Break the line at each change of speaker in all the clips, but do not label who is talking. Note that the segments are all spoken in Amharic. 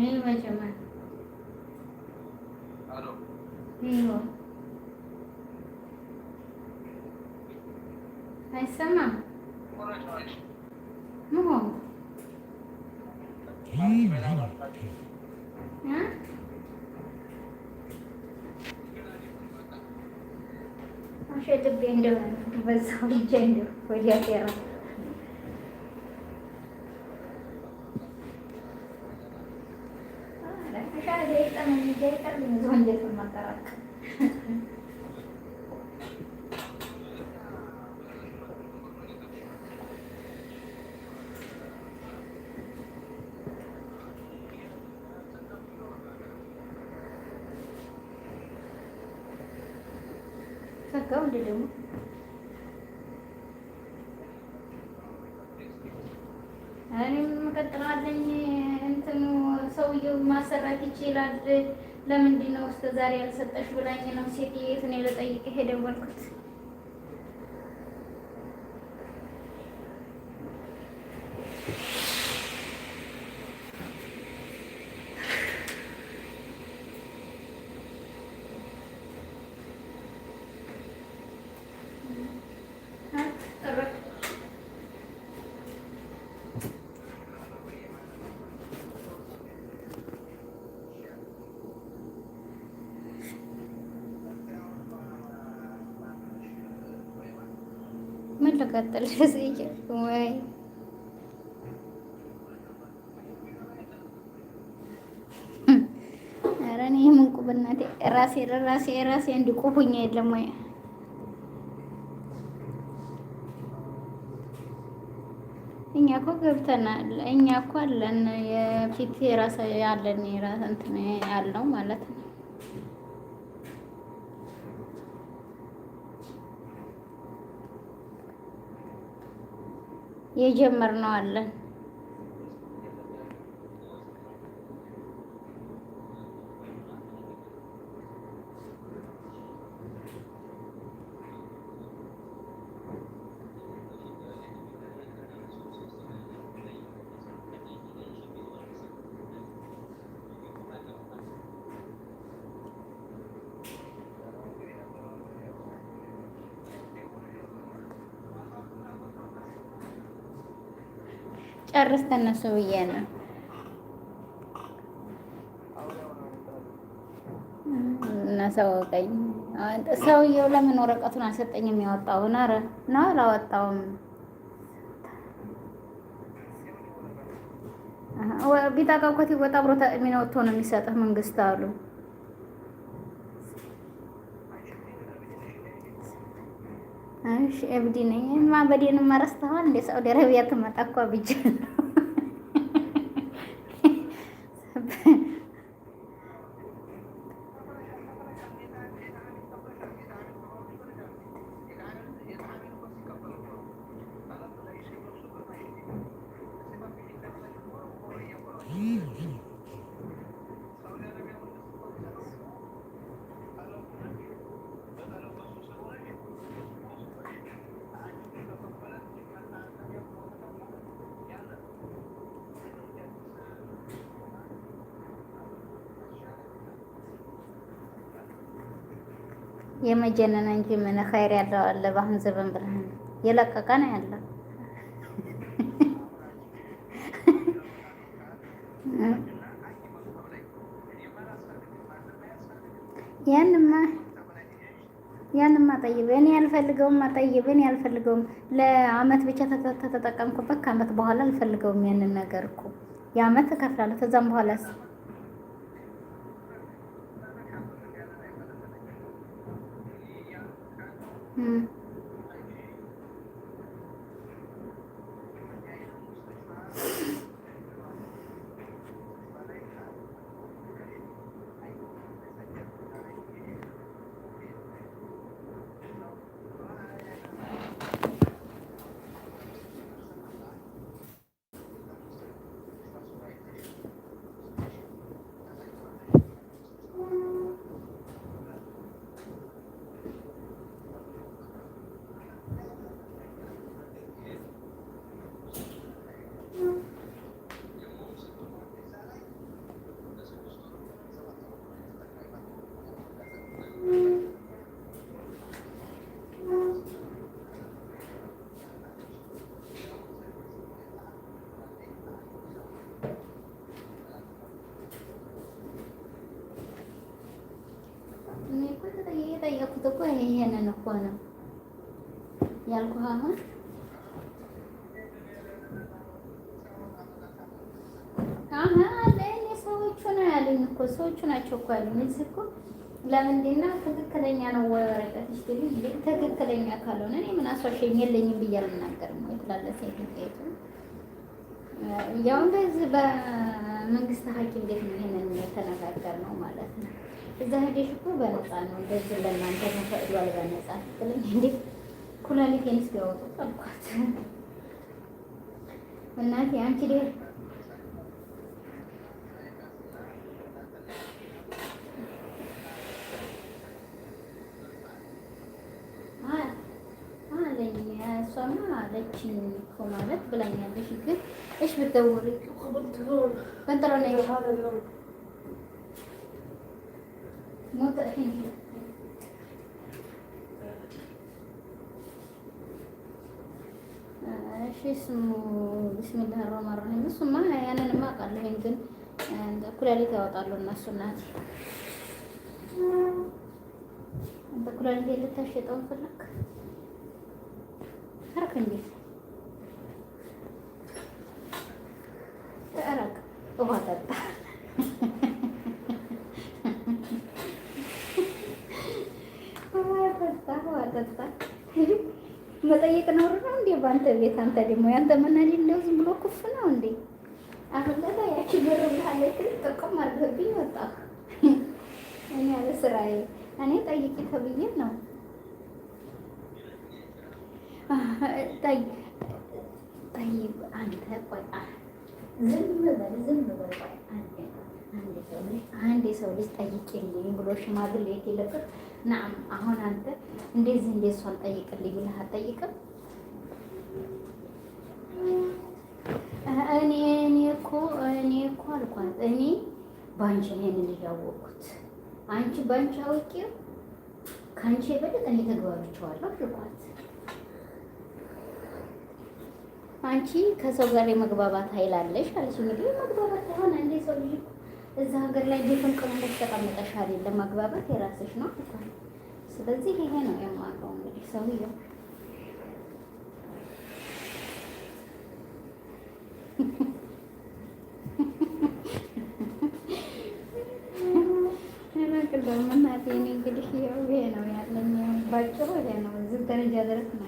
નહીં હોય જમા નહીં હોય Essa não. Não vou. Hã? Achei que tu vendeu, mas só vendendo. Foi de aquela. ቆሻሻ ዘይጠመን ዘይጠር ብዙ እንዴት መጠራቅ ላድርግ ለምንድን ነው እስከ ዛሬ ያልሰጠሽ ብላኝ ነው ሴትዬ፣ እኔ ሄደ ወልኩት። ቀጥል ወይ ኧረ እኔ ምን ቁብ እናቴ ራሴ ራሴ ራሴ እንዲህ ቁብ ሆኜ የለም ወይ እኛ እኮ ገብተናል። እኛ እኮ አለን የፊት የራስ ያለን የራስ እንትን ያለው ማለት ነው የጀመርነው አለን። ጨርስ ተነሱ ብዬ ነው። እናሳወቀኝ ሰውየው ለምን ወረቀቱን አልሰጠኝም? ያወጣውን ኧረ ነው አላወጣውም። ቢጠቃኮት ይወጣ ብሮታ የሚነወጥቶ ነው የሚሰጥህ መንግስት አሉ እሺ፣ እብዲ ነኝ። ማበዴንማ ማረስተዋል እንደ ሳውዲ አረቢያ ትመጣ እኮ ብቻ ነው የመጀነን እንጂ ምን ኸይር ያለው አለ? በአሁን ዘበን ብርሃን የለቀቀ ነው ያለ ያንማ ያንማ ጠይብ እኔ ያልፈልገውም ጠይብ እኔ ያልፈልገውም ለአመት ብቻ ተተጠቀምኩበት ከአመት በኋላ አልፈልገውም። ያንን ነገር እኮ የአመት እከፍላለሁ ከዛም በኋላ 嗯。ያልኩት እኮ ይሄንን እኮ ነው ያልኩህ አሁን ሰዎቹ ነው ያሉኝ እኮ ሰዎቹ ናቸው እኮ ያሉኝ። እዚህ እኮ ለምንድን ትክክለኛ ነው ወይ ወረቀትሽ ትልኝ ትክክለኛ ካልሆነ እኔ ምን አሷሸኝ የለኝም ብዬ አልናገርም ወይ ትላለህ። ሴትቄቱ ያው እንደዚህ በመንግስት ሐኪም ቤት ነው ይሄንን የተነጋገርነው ማለት ነው። እዛ ሄደሽ እኮ በነፃ ነው እንደዚህ ለእናንተ ተፈቅዷል በነፃ ስትለኝ እንዴ ኩላሊቴን እስኪያወጡ ጠብኳት። እናቴ አንቺ ዴር እሷማ አለችኝ እኮ ማለት ብላኛለሽ፣ ግን እሽ ብትደውሪ በንጥረ እሺ ስሙ እሱማ ያንንማ አውቃለሁ። ግን ኩላሊት ያወጣሉ እነሱ። እናቴ ኩላሊት ልታሸጠውን ፈለክ አረክ ውሃ ጠጣ መጠየቅ ነው ነው እንዴ? በአንተ ቤት አንተ ደግሞ ያንተ መናድ እንደው ዝም ብሎ ኩፍ ነው እንዴ? አሁን ለታ ያቺ ብር ብላለችን ጥቅም አድርገብኝ ወጣ። እኔ ያለ ስራዬ እኔ ጠይቂ ተብዬ ነው ጠይብ። አንተ ቆይ ዝም በል ዝም በል ቆይ አንዴ ሰው ልጅ ጠይቄልኝ ብሎ ሽማግሌ የለበት ናም አሁን አንተ እንደዚህ እንደ እሷን ጠይቅልኝ ብለህ አትጠይቅም? እኔ እኔ እኮ እኔ እኮ አልኳት እኔ ባንቺ ይሄንን እያወቅሁት አንቺ ባንቺ አውቄው ከአንቺ የበለጠ እኔ ተግባብቼዋለሁ አልኳት። አንቺ ከሰው ጋር የመግባባት ኃይል አለሽ አለች። እንግዲህ መግባባት ሆነ አንዴ ሰው ልጅ እዛ ሀገር ላይ ቤትም ቅሙ እንደተቀመጠሽ አይደለም፣ አግባባት የራስሽ ነው። ስለዚህ ይሄ ነው የማውቀው እንግዲህ ሰውዬው እንግዲህ ይሄ ነው ያለኝ ባጭሩ፣ ይሄ ነው እዚህ ደረጃ ድረስ ነው።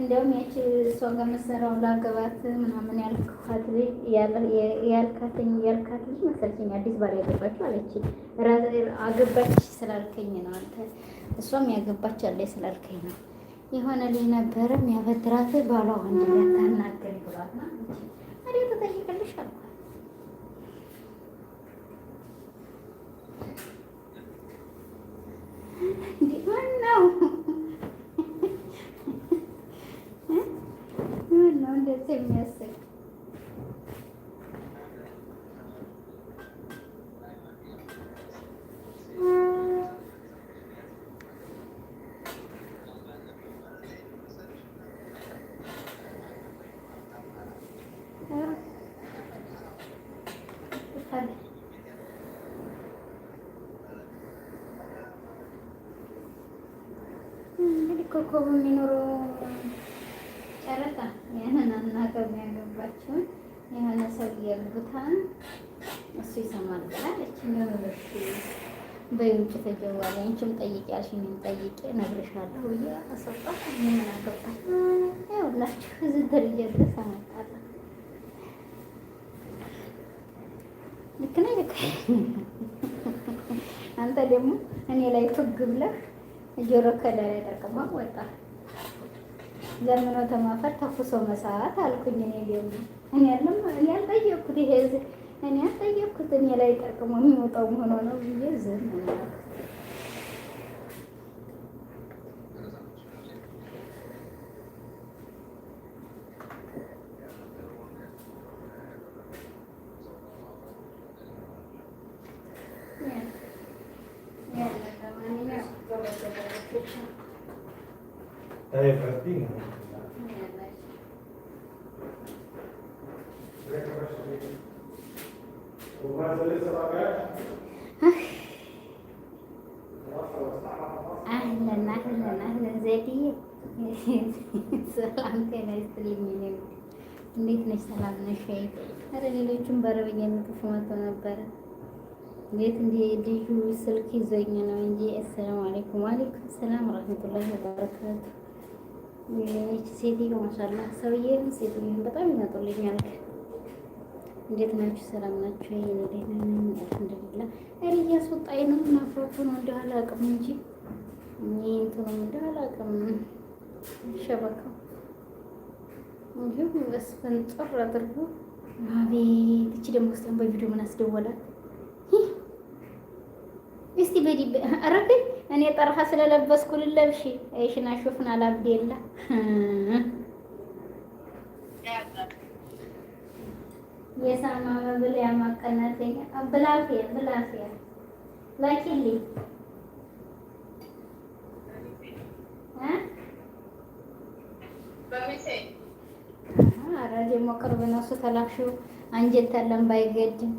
እንደውም ያቺ እሷ ጋር መሰራው ላገባት ምናምን ያልካት ያልካትኝ ያልካት ልጅ መሰለችኝ አዲስ ባል ያገባችው አለች። አገባች ስላልከኝ ነው አንተ፣ እሷም ያገባች አለች ስላልከኝ ነው። የሆነ ልጅ ነበረ የሚያበድራት ባሏ ወንድ ታናገር ብሏት ና አዲ ተጠይቅልሽ አልኳት። እንዲህ ማን ነው ነው እንደዚህ የሚያሰኝ እንግዲህ ኮከቡ የሚኖረው አገባ ያገባችውን የሆነ ሰውዬ ያልኩታን እሱ ይሰማልታል። እቺ ነው ልሽ በይውጭ ተጀዋሪ አንቺም ጠይቂ ያልሽኝም ጠይቂ እነግርሻለሁ ብዬ አሰጣት። ምን አገባል ይኸውላችሁ እዚህ ደረጃ ድረስ አመጣለ። ልክ ነህ ልክ አንተ ደግሞ እኔ ላይ ፍግ ብለህ ጆሮ ከዳር ያጠርቅማ ወጣ ለምኖ ተማፈር ተኩሶ መሳት አልኩኝ። እኔ ደግሞ እኔ ያለም እኔ ያልጠየቅኩት ይሄ እኔ ያልጠየቅኩት እኔ ላይ ጠቅሞ የሚወጣው ሆኖ ነው ብዬ ዝም
Está de partida.
አህለን አህለን ሰላም ጤና ይስጥልኝ። እንዴት ነሽ? ሰላም ነሽ? ኧረ ሌሎቹም በአረብኛ የሚጽፉ መጥተው ነበረ። ልዩ ስልክ ይዞኝ ነው እንጂ። አሰላሙ አለይኩም። ሰላም ወረሕመቱላሂ ወበረካቱ ይህች ሴትዮ ማሻላ ሰውዬ ሴትዮን በጣም ይመጡልኛል። እንዴት ናችሁ? ሰላም ናችሁ? ይሄን ደህና ነኝ አልሐምዱሊላህ። እሪ እያስወጣኝ ነው እና ነው እንደ አላውቅም እንጂ ይሄንቱን እንደ አላውቅም ሸበካው እንዲሁም በስፈን ጦር አድርጎ አቤት! እቺ ደግሞ ስለም በቪዲዮ ምን አስደወላት? እስቲ በዲ አረገኝ እኔ ጠርሃ ስለለበስኩ ልለብሽ አይሽና ሹፍና ላብዴላ የሳማ መብል ያማቀናተኛ ብላፊያ ብላፊያ ላኪልኝ ኧረ ደግሞ ቅርብ ነው እሱ ተላክሽው አንጀት አለን ባይገድም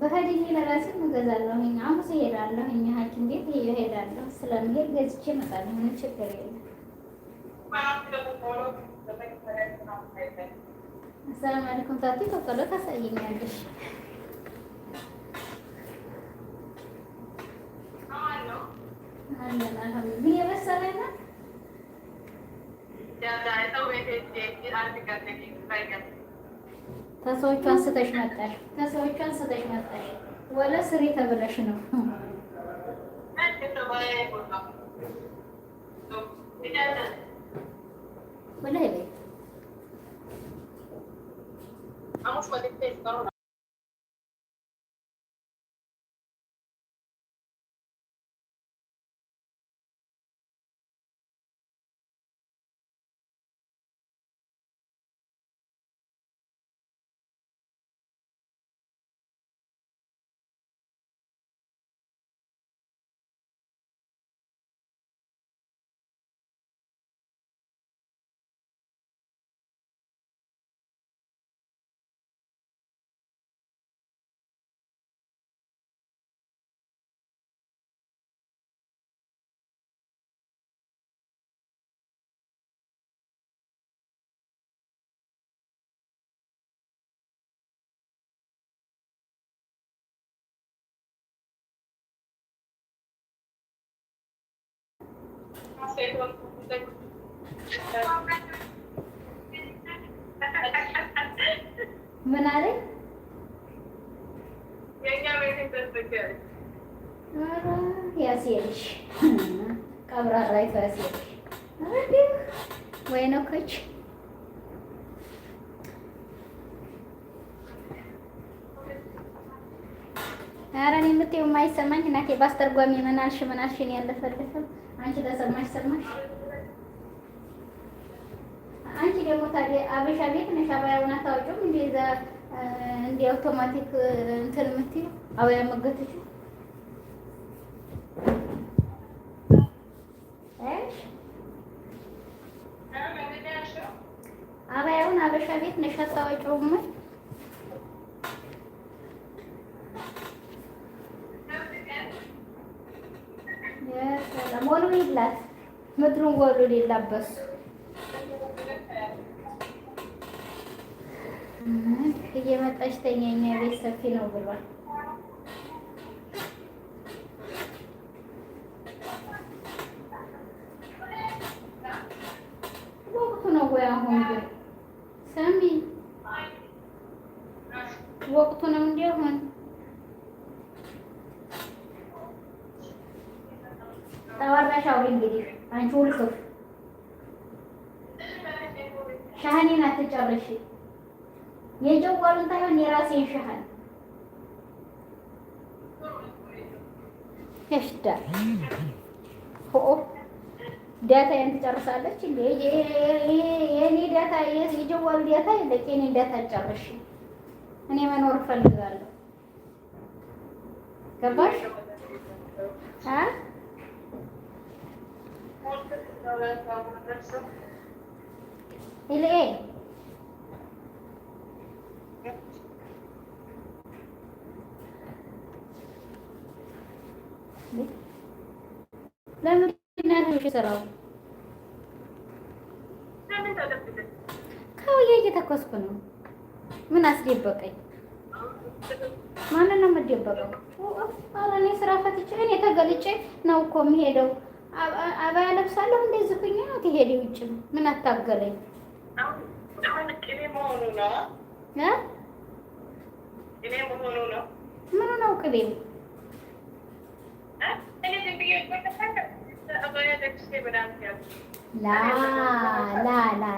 በህዲኒ ለራሴ እገዛለሁ። ሐሙስ እሄዳለሁ ሐኪም ቤት እሄዳለሁ። ስለምሄድ ገዝቼ እመጣለሁ። ምን ችግር የለም። አሰላም አለይኩም። ታቲ በቆሎ ታሳይኛለሽ? አለን አልሐምዱሊላህ። ነው። ተሰዎቹ አንስተሽ መጣሽ፣ ተሰዎቹ አንስተሽ መጣሽ። ወለ ስሪ ተብለሽ ነው። ወለ ምን አለኝ? ያሴልሽ ቀብራራ ያሴልሽ ወይ ነው ከች ኧረ እኔ የምትይው የማይሰማኝ እናቴ ባስተርጓሚ ምን አልሽ ምን አልሽ እኔ ያለፈልፈው አንቺ ተሰማሽ ሰማሽ። አንቺ ደግሞ ታዲያ አበሻ ቤት ነሽ። አበያውን አታወጪውም እንደ እዛ እንደ አውቶማቲክ እንትን የምትይው አበያ መገተች አበሻ ቤት ነሽ አታወጪውም ምድሩን ወሉ ሊላበሱ እየመጣች ተኛኛ ቤት ሰፊ ነው ብሏል። የደወሉን ታይሆን የራሴን ሻህል እሽዳ ኦ ዳታዬን ትጨርሳለች እንዴ? የኔ ዳታ የደወሉ ዳታ የለቅ የኔ ዳታ ጨርሽ። እኔ መኖር ፈልጋለሁ ገባሽ? አ ለምንድን ነው የሰራው? ከውዬ እየተኮስኩ ነው። ምን አስደበቀኝ? ማንን ነው የምደበቀው? ኧረ እኔ ስራ ፈትቼ እኔ ተገልጬ ነው እኮ የምሄደው። አባያ ለብሳለሁ እንደዚህ ሁኜ ነው ትሄድ ውጭ። ምን አታገለኝ ምኑ ነው ቅቤው
ላ ላ ላ